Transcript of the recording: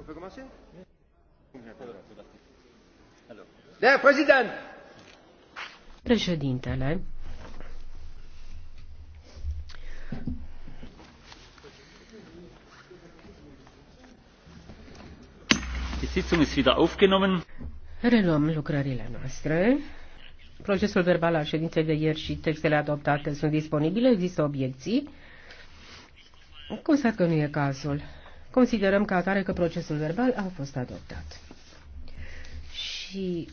On peut commencer Președintele, Die Sitzung ist wieder aufgenommen. Reluăm lucrările noastre. Procesul verbal al ședinței de ieri și textele adoptate sunt disponibile. Există obiecții? Constat că nu e cazul. Considerăm ca atare că procesul verbal a fost adoptat. Și